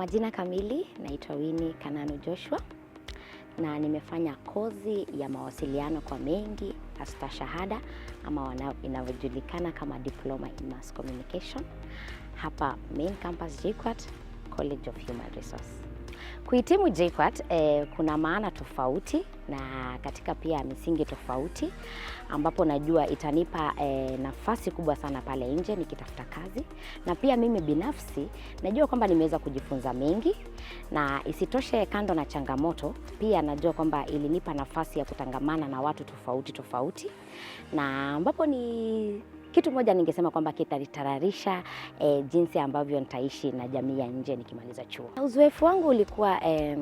majina kamili naitwa wini Kananu Joshua na nimefanya kozi ya mawasiliano kwa mengi shahada ama inavyojulikana kama diploma in mass communication hapa main campus JKUAT College of Human Resources. Kuhitimu JKUAT eh, kuna maana tofauti na katika pia misingi tofauti ambapo najua itanipa eh, nafasi kubwa sana pale nje nikitafuta kazi, na pia mimi binafsi najua kwamba nimeweza kujifunza mengi, na isitoshe, kando na changamoto, pia najua kwamba ilinipa nafasi ya kutangamana na watu tofauti tofauti, na ambapo ni kitu moja ningesema kwamba kitanitararisha e, jinsi ambavyo nitaishi na jamii ya nje nikimaliza chuo. Uzoefu wangu ulikuwa e,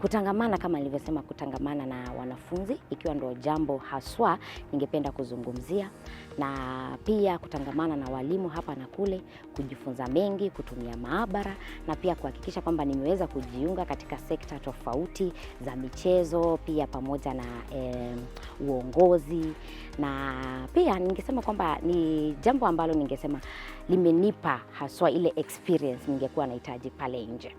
Kutangamana kama nilivyosema, kutangamana na wanafunzi ikiwa ndio jambo haswa ningependa kuzungumzia, na pia kutangamana na walimu hapa na kule, kujifunza mengi, kutumia maabara na pia kuhakikisha kwamba nimeweza kujiunga katika sekta tofauti za michezo, pia pamoja na eh, uongozi na pia ningesema kwamba ni jambo ambalo ningesema limenipa haswa ile experience ningekuwa nahitaji pale nje.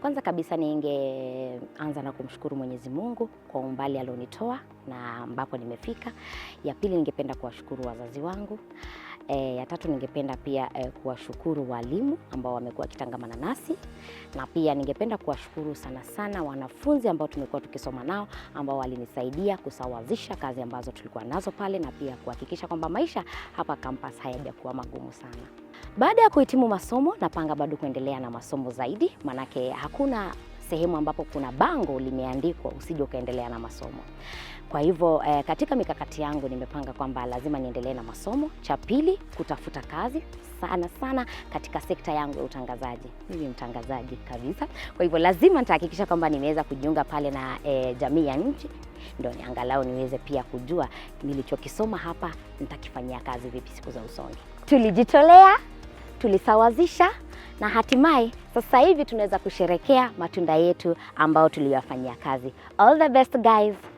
Kwanza kabisa ningeanza na kumshukuru Mwenyezi Mungu kwa umbali alionitoa na ambapo nimefika. Ya pili ningependa kuwashukuru wazazi wangu. E, ya tatu ningependa pia e, kuwashukuru walimu ambao wamekuwa wakitangamana nasi, na pia ningependa kuwashukuru sana sana wanafunzi ambao tumekuwa tukisoma nao ambao walinisaidia kusawazisha kazi ambazo tulikuwa nazo pale na pia kuhakikisha kwamba maisha hapa kampasi hayajakuwa magumu sana. Baada ya kuhitimu masomo, napanga bado kuendelea na masomo zaidi, manake hakuna sehemu ambapo kuna bango limeandikwa usije ukaendelea na masomo. Kwa hivyo eh, katika mikakati yangu nimepanga kwamba lazima niendelee na masomo. Cha pili, kutafuta kazi sana sana katika sekta yangu ya utangazaji. Mimi mtangazaji kabisa, kwa hivyo lazima nitahakikisha kwamba nimeweza kujiunga pale na eh, jamii ya nchi, ndio angalau niweze pia kujua nilichokisoma hapa nitakifanyia kazi vipi siku za usoni. Tulijitolea tulisawazisha na hatimaye sasa hivi tunaweza kusherekea matunda yetu ambayo tuliyafanyia kazi. All the best guys.